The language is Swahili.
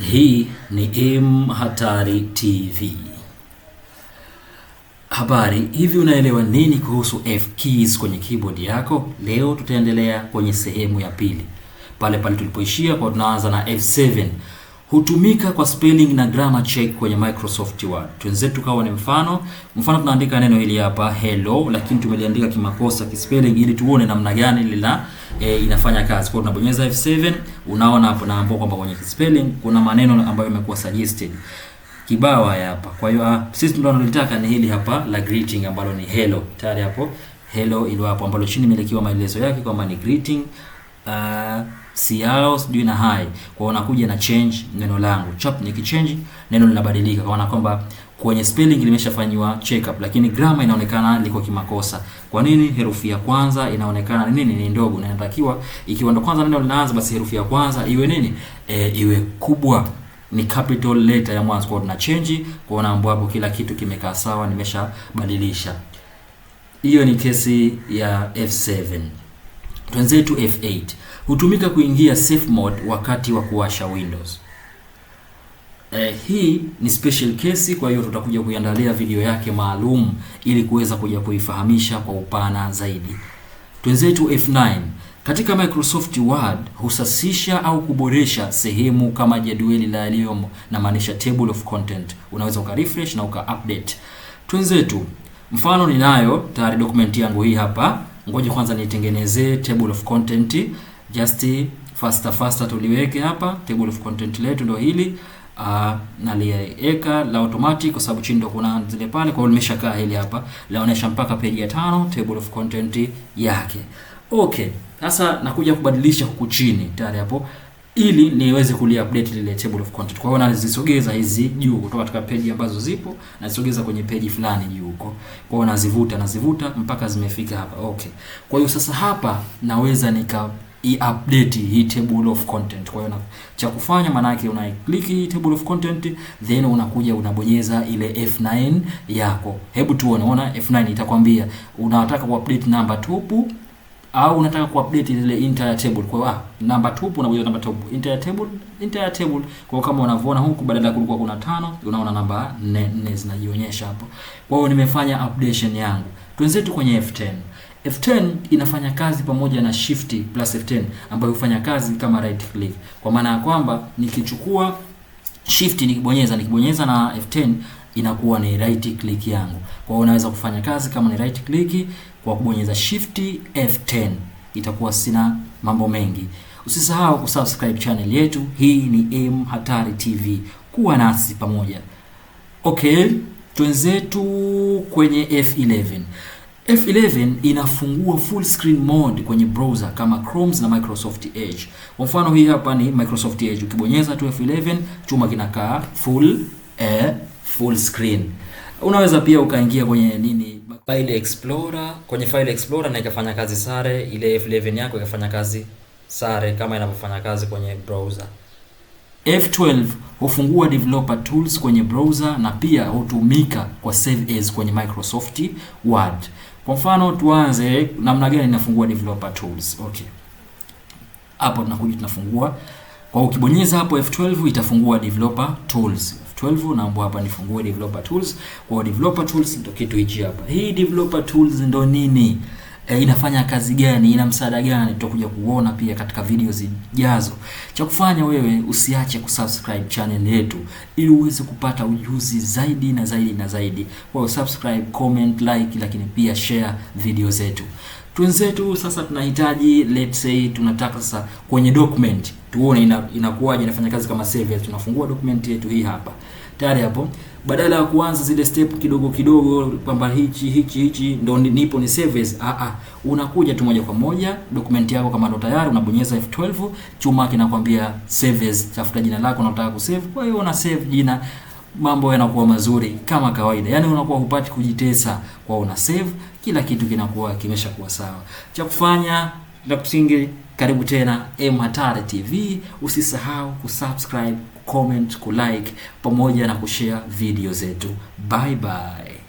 Hii ni M Hatari TV. Habari, hivi unaelewa nini kuhusu F keys kwenye keyboard yako? Leo tutaendelea kwenye sehemu ya pili. Pale pale tulipoishia kwa tunaanza na F7 hutumika kwa spelling na grammar check kwenye Microsoft Word. Tuanze kawa ni mfano. Mfano tunaandika neno hili hapa hello, lakini tumeliandika kimakosa kispelling ili tuone namna gani lila e, inafanya kazi. Kwa tunabonyeza F7, unaona hapo na ambapo kwamba kwenye spelling kuna maneno ambayo yamekuwa suggested. Kibawa haya hapa. Kwa hiyo sisi ndio tunalitaka ni hili hapa la greeting ambalo ni hello. Tayari hapo hello ilo hapo ambalo chini imelekiwa maelezo yake kwamba ni greeting uh, siao sijui na hai Kwa nakuja na change neno langu Chop ni kichange neno linabadilika, kwa kaona kwamba kwenye spelling limeshafanywa check up, lakini grammar inaonekana liko kimakosa. Kwa nini? Herufi ya kwanza inaonekana nini ni ndogo, na inatakiwa ikiwa ndo kwanza neno linaanza, basi herufi ya kwanza iwe nini, e, iwe kubwa ni capital letter ya mwanzo. Kwa tuna change kwa kuona hapo kila kitu kimekaa sawa, nimeshabadilisha. Hiyo ni kesi ya F7. Twenzetu F8 hutumika kuingia safe mode wakati wa kuwasha Windows. Eh, hii ni special case, kwa hiyo tutakuja kuiandalia video yake maalum ili kuweza kuja kuifahamisha kwa upana zaidi. Twenzetu F9 katika Microsoft Word husasisha au kuboresha sehemu kama jadwali la yaliyomo, na maanisha table of content. Unaweza uka refresh na uka update. Twenzetu mfano, ninayo tayari dokumenti yangu hii hapa ngoja kwanza nitengenezee table of content just faster faster, tuliweke hapa table of content letu ndo hili uh, ah, naliweka la automatic kwa sababu chini ndo kuna zile pale. Kwa hiyo nimeshakaa hili hapa, laonesha mpaka page ya tano table of content yake. Okay, sasa nakuja kubadilisha huku chini tayari hapo ili niweze update lile table of content. Kwa hiyo nazisogeza hizi juu kutoka katika page ambazo zipo, nazisogeza kwenye page fulani juu huko. Kwa hiyo nazivuta nazivuta mpaka zimefika hapa. Okay. Kwa hiyo sasa hapa naweza nika i-update hii table of content. Kwa hiyo na cha kufanya maana yake una click hii table of content then unakuja unabonyeza ile F9 yako. Hebu tuone, unaona F9 itakwambia unataka ku update number tupu au unataka kuupdate ile entire table kwa ah, namba tupu na namba tupu entire table entire table. Kwa kama unavyoona huku, badala ya kulikuwa kuna tano, unaona namba 4 zinajionyesha hapo. Kwa hiyo nimefanya updation yangu. Twenzetu kwenye F10. F10 inafanya kazi pamoja na shift plus F10 ambayo hufanya kazi kama right click, kwa maana ya kwamba nikichukua shift nikibonyeza nikibonyeza na F10 inakuwa ni right click yangu. Kwa hiyo unaweza kufanya kazi kama ni right click kwa kubonyeza shift F10. Itakuwa sina mambo mengi. Usisahau kusubscribe channel yetu. Hii ni M Hatari TV, kuwa nasi pamoja. Okay, twenzetu kwenye F11. F11 inafungua full screen mode kwenye browser kama Chrome na Microsoft Edge. Kwa mfano hii hapa ni Microsoft Edge. Ukibonyeza tu F11 chuma kinakaa full eh, full screen unaweza pia ukaingia kwenye nini file explorer, kwenye file explorer na ikafanya kazi sare, ile F11 yako ikafanya kazi sare kama inavyofanya kazi kwenye browser. F12 hufungua developer tools kwenye browser na pia hutumika kwa save as kwenye Microsoft Word. Kwa mfano tuanze namna gani inafungua developer tools. Okay. Hapo tunakuja tunafungua. Kwa ukibonyeza hapo F12 itafungua developer tools. 12 naomba hapa nifungue developer tools. Kwa developer tools ndio kitu hichi hapa. Hii developer tools ndio nini? E, inafanya kazi gani? Ina msaada gani? Tutakuja kuona pia katika video zijazo. Cha kufanya wewe usiache kusubscribe channel yetu ili uweze kupata ujuzi zaidi na zaidi na zaidi. Kwa subscribe, comment, like lakini pia share video zetu. Twenzetu sasa tunahitaji let's say, tunataka sasa kwenye document tuone ina, inakuwaje inafanya kazi kama save. Tunafungua document yetu hii hapa tayari hapo, badala ya kuanza zile step kidogo kidogo kwamba hichi hichi hichi ndo nipo ni service. a a unakuja tu moja kwa moja document yako kama ndo tayari, unabonyeza F12 chuma kinakwambia service, tafuta jina lako unataka kusave. Kwa hiyo una save jina mambo yanakuwa mazuri kama kawaida, yani unakuwa hupati kujitesa kwa una save kila kitu kinakuwa kimeshakuwa sawa. Cha kufanya na kusingi, karibu tena M Hatari TV. Usisahau kusubscribe, comment, kulike pamoja na kushare video zetu. Bye bye.